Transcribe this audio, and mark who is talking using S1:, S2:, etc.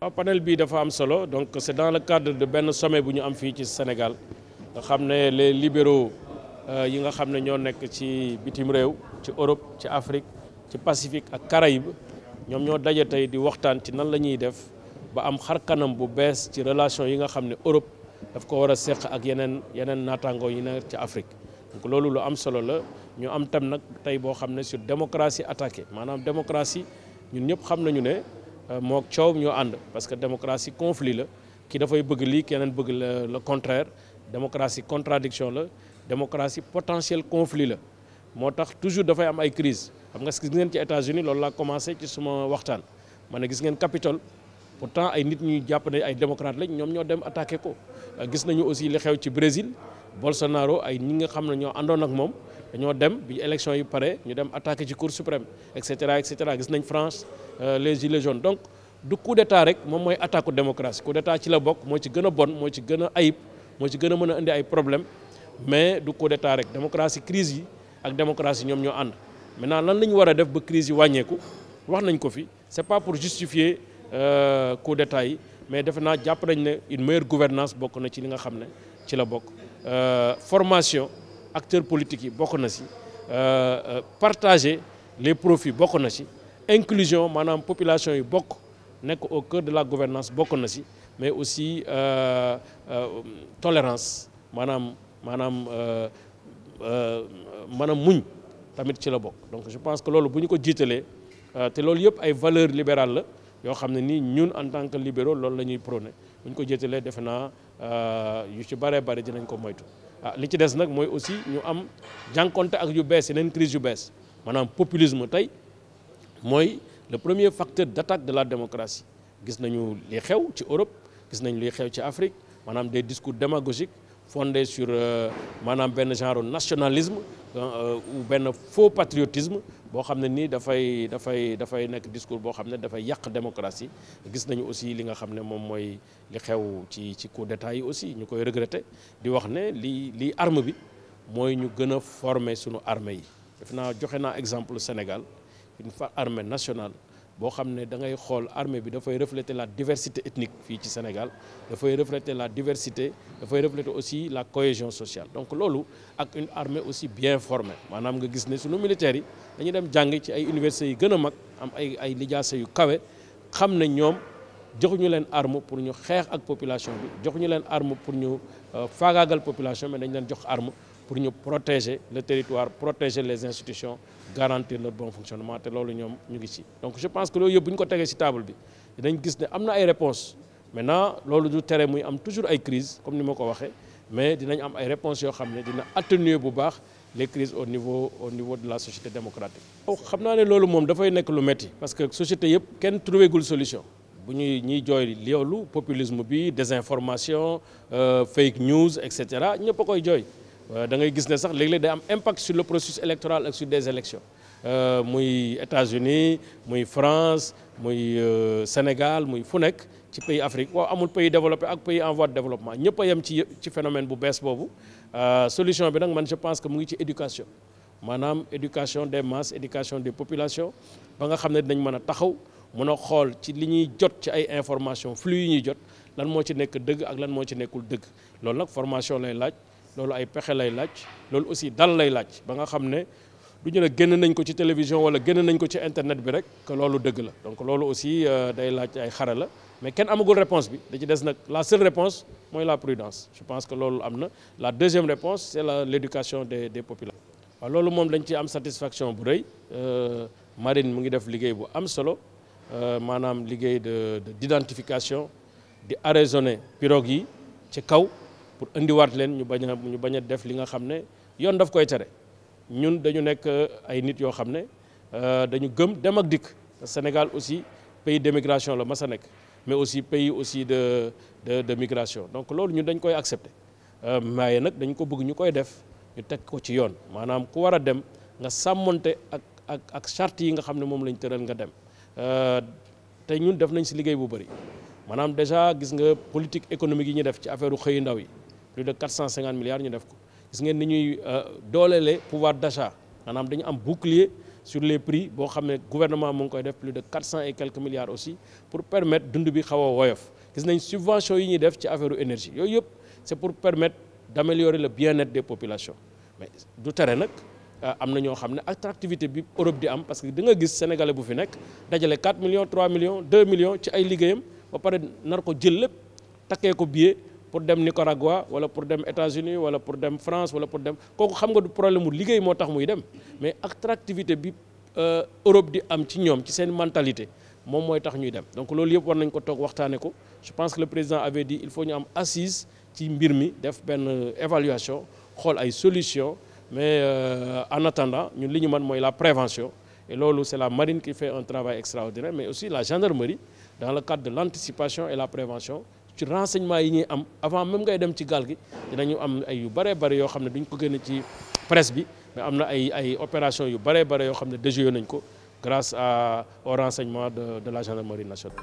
S1: waaw panel bii dafa am solo donc c' dans le cadre de benn sommet bu ñu am fii ci Sénégal nga xam ne les libéraux euh, yi nga xam ne ñoo nekk ci bitim réew ci Europe ci Afrique ci Pacifique ak Caraïbes ñoom ñoo daje tey di waxtaan ci nan la ñuy def ba am xar kanam bu bees ci relation yi nga xam ne Europe daf ko war a seq ak yeneen yeneen naataangoo yi ne ci Afrique. donc loolu lu am solo la ñu am tam nag tey boo xam ne sur démocratie attaquée maanaam démocratie ñun ñëpp xam nañu ne euh, mook coow ñoo ànd parce que démocratie conflit la ki dafay bëgg lii keneen bëgg le contraire démocratie contradiction la démocratie potentiel conflit la moo tax toujours dafay am ay crise xam nga gis ngeen ci États-Unis loolu laa commencé ci suma waxtaan ma ne gis ngeen Capitole pourtant ay nit ñuy jàpp ne ay démocrate lañ ñoom ñoo dem attaqué ko euh, gis nañu aussi li xew ci Brésil Bolsonaro ay ñi nga xam ne ñoo àndoon ak moom dañoo dem bi élection yi pare ñu dem attaqué ci cour suprême et cetera et gis nañ France euh, les gilets jaunes donc du coup d'état rek moom mooy attaque démocratie coup d'état ci la bokk moo ci gën a bon moo ci gën a ayib moo ci gën a mën a indi ay problème mais du coup d'état rek démocratie crise yi ak démocratie ñoom ñoo ànd maintenant lan la ñu war a def ba crise yi wàññeeku wax nañ ko fi c'est pas pour justifier euh, coup d'état yi mais defe naa jàpp nañ ne une meilleure gouvernance bokk na ci li nga xam ne ci la bokk Euh, formation acteurs politiques yi bokk na si euh, euh, partager les profits bokk na si inclusion maanaam population yi bokk nekk au cœur de la gouvernance bokk na si mais aussi tolérance maanaam maanaam maanaam muñ tamit ci la bokk donc je pense que loolu bu ñu ko jiitalee te loolu yëpp ay valeurs libérales la yoo xam ne nii ñun en tant que libéraux loolu la ñuy prôné bu ñu ko jëtalee defe naa euh, yu ci bare bare dinañ ko moytu ah li ci des nag mooy aussi ñu am jànkonte ak yu bees yeneen crise yu bees maanaam populisme tey mooy le premier facteur d'attaque de la démocratie gis nañu li xew ci Europe gis nañ li xew ci Afrique maanaam des discours démagogiques fondé sur euh, maanaam benn genre nationalisme euh, euh, ou benn faux patriotisme boo xam ne nii dafay dafay dafay nekk discours boo xam ne dafay yàq démocratie gis nañu aussi li nga xam ne moom mooy li xew ci ci coup d'état yi aussi ñu koy regretter di wax ne lii lii arme bi mooy ñu gën a former sunu armée yi def naa joxe naa exemple Sénégal une armée nationale boo xam ne da ngay xool armée bi dafay refléter la diversité ethnique fii ci Sénégal dafay refléter la diversité dafay refléter aussi la cohésion sociale donc loolu ak une armée aussi bien formée maanaam nga gis ne sunu militaires yi dañu dem jàng ci ay universités yu gën a mag am ay ay lijaasa yu kawe xam ne ñoom joxuñu leen arme pour ñu xeex ak population bi joxuñu leen arme pour ñu euh, faagaagal population mais dañu leen jox arme pour ñu protéger le territoire protéger les institutions garantir le bon fonctionnement te loolu ñoom ñu ngi ci donc je pense que loolu yëpp bu ñu ko tegee ci table bi dañ gis ne am na ay réponses maintenant loolu du tere muy am toujours ay crises comme ni ma ko waxee mais dinañ am ay réponses yoo xam ne dina atténuer bu baax les crises au niveau au niveau de la société démocratique. waaw xam naa ne loolu moom dafay nekk lu metti parce que société yëpp kenn trouvé gul bu ñuy ñiy jooy loolu populisme bi désinformation euh, fake news et cetera ñëpp a koy jooy. Euh, da ngay gis ne sax léegi léeg day am impact sur le processus électoral ak sur des élections euh, muy États-Unis muy France muy euh, Sénégal muy fu nekk ci pays Afrique waaw amul pays développé ak pays en voie de développement ñëpp a ci ci phénomène bu bees boobu solution bi nag man je pense que mu ngi ci éducation maanaam éducation des masses éducation des populations ba nga xam ne dañ mën a taxaw mën a xool ci li ñuy jot ci ay information flux yi ñuy jot lan moo ci nekk dëgg ak lan moo ci nekkul dëgg loolu nag formation lay laaj loolu ay pexe lay laaj loolu aussi dal lay laaj ba nga xam ne du ñu ne génn nañ ko ci télévision wala génn nañ ko ci internet bi rek loolu dëgg la donc loolu aussi euh, day laaj ay xarala mais kenn amagul réponse bi da ci des nag la seule réponse mooy la prudence je pense que loolu am na la deuxième réponse c'est la l'éducation de des populations waaw loolu moom dañ ci am satisfaction bu rëy euh, marine mu ngi def liggéey bu am solo euh, maanaam liggéey de d'identification di arraisonner pirogue yi ci kaw pour indiwaat leen ñu bañ a ñu bañ a def li nga xam ne yoon daf koy tere ñun dañu nekk euh, ay nit yoo xam ne euh, dañu gëm dem ak dikk Sénégal aussi pays d'émigration la ma sa nekk mais aussi pays aussi de de de migration donc loolu ñun dañ koy accepter euh, maaye nag dañ ko bëgg ñu koy def ñu teg ko ci yoon maanaam ku war a dem nga sàmmoonte ak ak ak charte yi nga xam ne moom lañ tëral nga dem te ñun def nañ si liggéey bu bëri maanaam déjà gis nga politique économique yi ñu def ci affaire xëyu ndaw yi plus de 450 milliards ñu def ko gis ngeen ni ñuy euh, dooleele pouvoir d'achat maanaam dañu am bouclier sur les prix boo xam ne gouvernement mu ngi koy def plus de 400 et quelques milliards aussi pour permettre dund bi xaw a woyof gis nañ subvention yi ñuy def ci affaire énergie yooyu yëpp c'est pour permettre d'améliorer le bien-être des populations mais du tere nag euh, am na ñoo xam ne attractivité bi Europe di am parce que da nga gis sénégalais bu fi nekk dajale 4 millions 3 millions 2 millions ci ay liggéeyam ba pare nar ko jël lépp takkee ko billet pour dem Nicaragua wala pour dem États-Unis wala pour dem France wala pour dem kooku xam nga du problème mu liggéey moo tax muy dem mais attractivité bi euh, Europe di am ci ñoom ci seen mentalité moom mooy tax ñuy dem donc loolu yëpp war nañ ko toog waxtaane ko je pense que le président avait dit il faut ñu am assise ci mbir mi def benn euh, évaluation xool ay solution mais euh, en attendant ñun li ñu mën mooy la prévention et loolu c'est la marine qui fait un travail la gendarmerie dans le cadre de l'anticipation et la prévention ci renseignement yi ñuy am avant même ngay dem ci gaal gi dinañu am ay yu bëree bëri yoo xam ne duñ ko génn ci presse bi mais am na ay ay opération yu bëree bëri yoo xam ne déjoué nañ ko grâce à au renseignement de de la gendarmerie nationale.